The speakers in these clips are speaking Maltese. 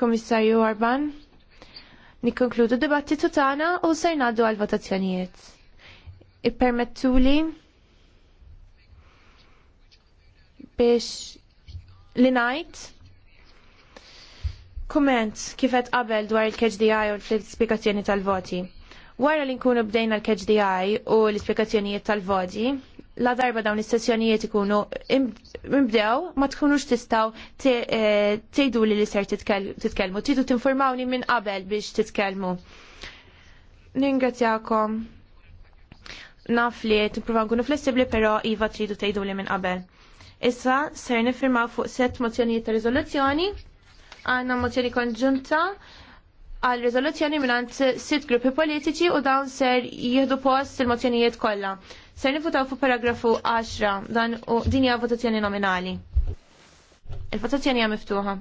Komissarju Orban. Nikkonkludu dibattitu tagħna u ser ngħaddu għal votazzjonijiet. Ippermettuli biex li ngħid Kumment kifet qabel dwar il-KHDI u l-spiegazzjoni tal-voti. Wara li nkunu bdejna l-KHDI u l ispjegazzjonijiet tal-voti, la darba dawn is-sessjonijiet ikunu imbdew ma tkunux tistaw eh, tgħidu li li ser titkellmu, tridu tinformawni minn qabel biex titkellmu. Ningrazzjakom. Naf li tippruvaw nkunu flessibbli però iva tridu tgħidu li minn qabel. Issa ser nifirmaw fuq set mozzjonijiet ta' riżoluzzjoni. Għandna mozzjoni konġunta għal riżoluzzjoni minn sitt gruppi politiċi u dawn ser jieħdu post il-mozzjonijiet kollha. Ser nifutaw fuq paragrafu 10 dan u din hija votazzjoni nominali. Il-votazzjoni hija miftuħa.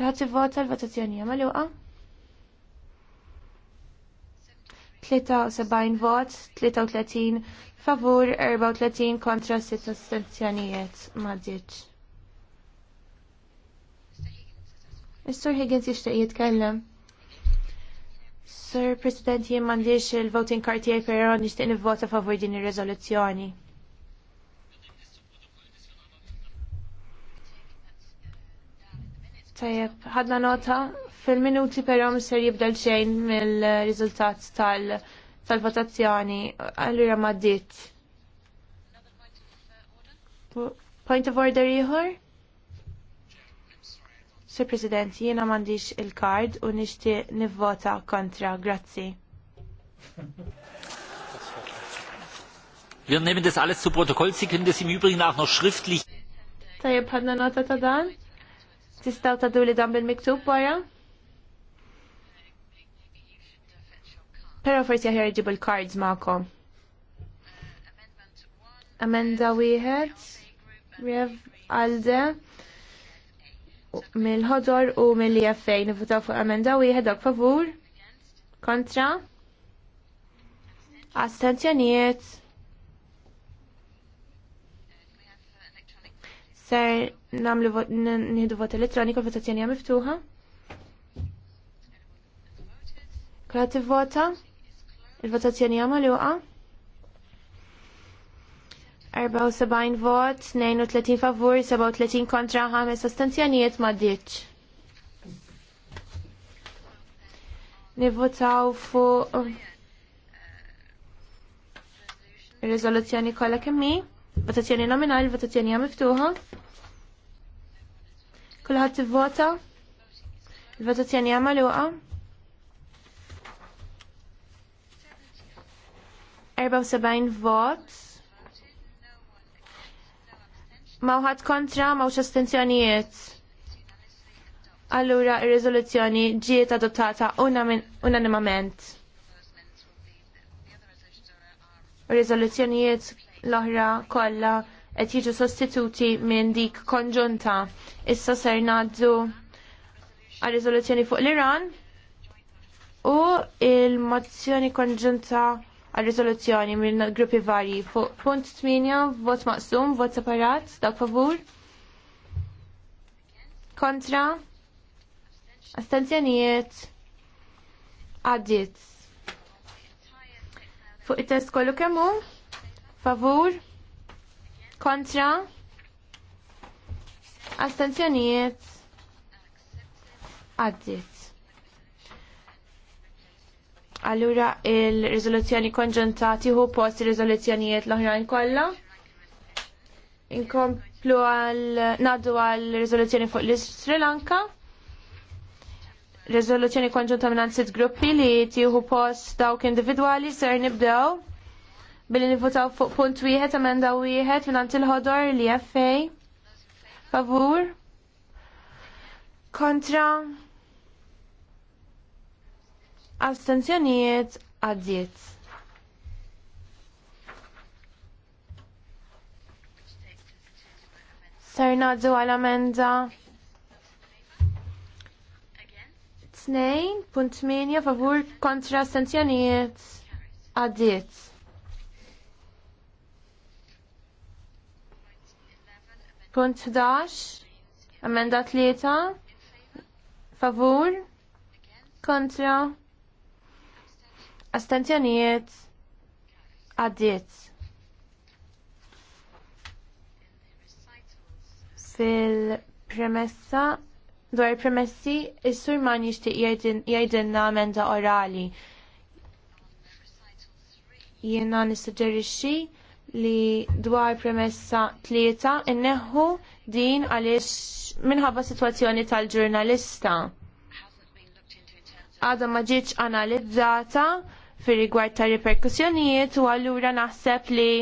Grazzi vota l-votazzjoni hija magħluqa. 73 vot, 33 favur, 34 kontra sitt astenzjonijiet ma' is Higgins jixtieq jitkellem. Sir President, jien m'għandix il-voting card tiegħi però nixtieq nivvota favur din ir-riżoluzzjoni. Tajjeb, ħadna nota fil-minuti però ser jibdel xejn mill-riżultat tal-votazzjoni. Allura ma' Point of order ieħor? Sir President, jiena mandiċ il-kard u nishti nivvota kontra. Grazzi. Wir nehmen das alles zu Protokoll. Sie können das im Übrigen auch noch schriftlich. Tajib, ħadna nota ta' dan? Tistaw ta' li dan bil-miktub wara? Pero forsi aħjar ġibu l-cards ma'kom. Amenda wieħed, Rev Alde, mill-ħodor u mill-IFA nivutaw fuq emenda wieħed jihedok favur kontra astenzjoniet ser namlu nħidu vot elettroniku votazzjoni miftuħa Kra tivvota il-votazzjoni għamaluqa 74 vot, 32 favur, 37 kontra, 5 astenzjonijiet ma ditx. Nivvotaw fu Rizoluzzjoni kolla kemmi, votazzjoni nominali, votazzjoni għamiftuħa. Kullħat t-vota, votazzjoni għamaluqa. 74 vots, Mawħat kontra, mawx astenzjonijiet. Allura, ir-riżoluzzjoni ġiet adottata unanimament. Riżoluzzjonijiet l-oħra kollha qed jiġu sostituti minn dik konġunta. Issa ser ngħaddu għal riżoluzzjoni fuq l-Iran u il-mozzjoni konġunta għal rizoluzzjoni minn gruppi varji. Punt 8, vot maqsum, vot separat, dak favur. Kontra. Astenzjonijiet. Għaddit. Fuq it-test kollu kemmu. Favur. Kontra. Astenzjonijiet. Għaddit. Allura il-rizoluzzjoni konġunta tieħu post il riżoluzzjonijiet l-oħrajn kollha. Inkomplu għal nadu għal riżoluzzjoni fuq l-Sri Lanka. Riżoluzzjoni konġunta minn sitt gruppi li tieħu post dawk individwali ser nibdew billi nivutaw fuq punt wieħed emenda wieħed minn il-ħodor li FA Favur. Kontra Astenzjonijiet għaddiet. Ser nadżu għal amenda minja. favur kontra astenzjonijiet għaddiet. Punt 11, amenda tlieta. favur, kontra, Astenzjonijiet għaddiet. Fil-premessa dwar premessi, is-sur man jixtieq jgħidilna amenda orali. Jiena nissuġġerixxi li dwar premessa tlieta inneħħu din għaliex minħabba sitwazzjoni tal-ġurnalista. Għadha ma ġietx analizzata fir rigward ta' riperkussjonijiet u allura naħseb li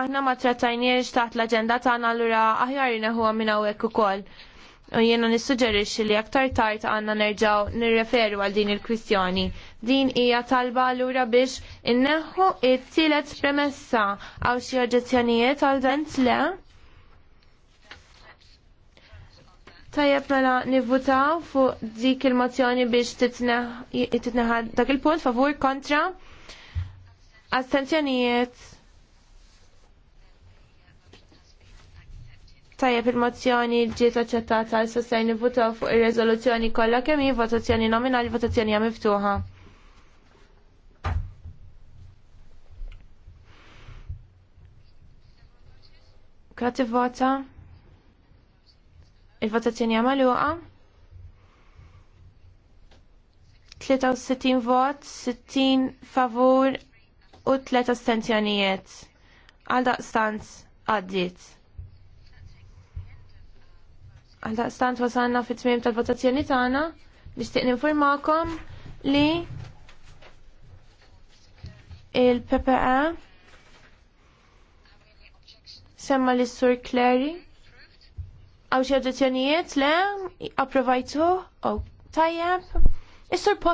aħna ma trattajniex taħt l-agenda tagħna allura aħjar neħuha minn hawnhekk ukoll. U jiena nissuġġerixxi li aktar tard għandna nerġgħu nirreferu għal din il-kwistjoni. Din hija talba allura biex inneħħu it-tielet premessa għal xi oġġezzjonijiet għal dan le. Tajjeb mela nivvutaw fuq dik il-mozzjoni biex titneħad dak il-punt favur kontra astenzjonijiet. Tajjeb il-mozzjoni ġiet aċċettata għal sostajn nivvutaw fuq ir rezoluzzjoni kollha kemm hi votazzjoni nominali votazzjoni hija miftuħa. Grazie vota. Il-votazzjoni uqa 63 vot, 60 favur u 3 astenzjonijiet. Għal daqstant għaddit. Għal daqstant wasanna fit tmiem tal-votazzjoni tagħna nixtieq ninformakom li il-PPA e semma li sur Clary Għaw xie le? Approvajtu? Oh, tajjeb. Is-sur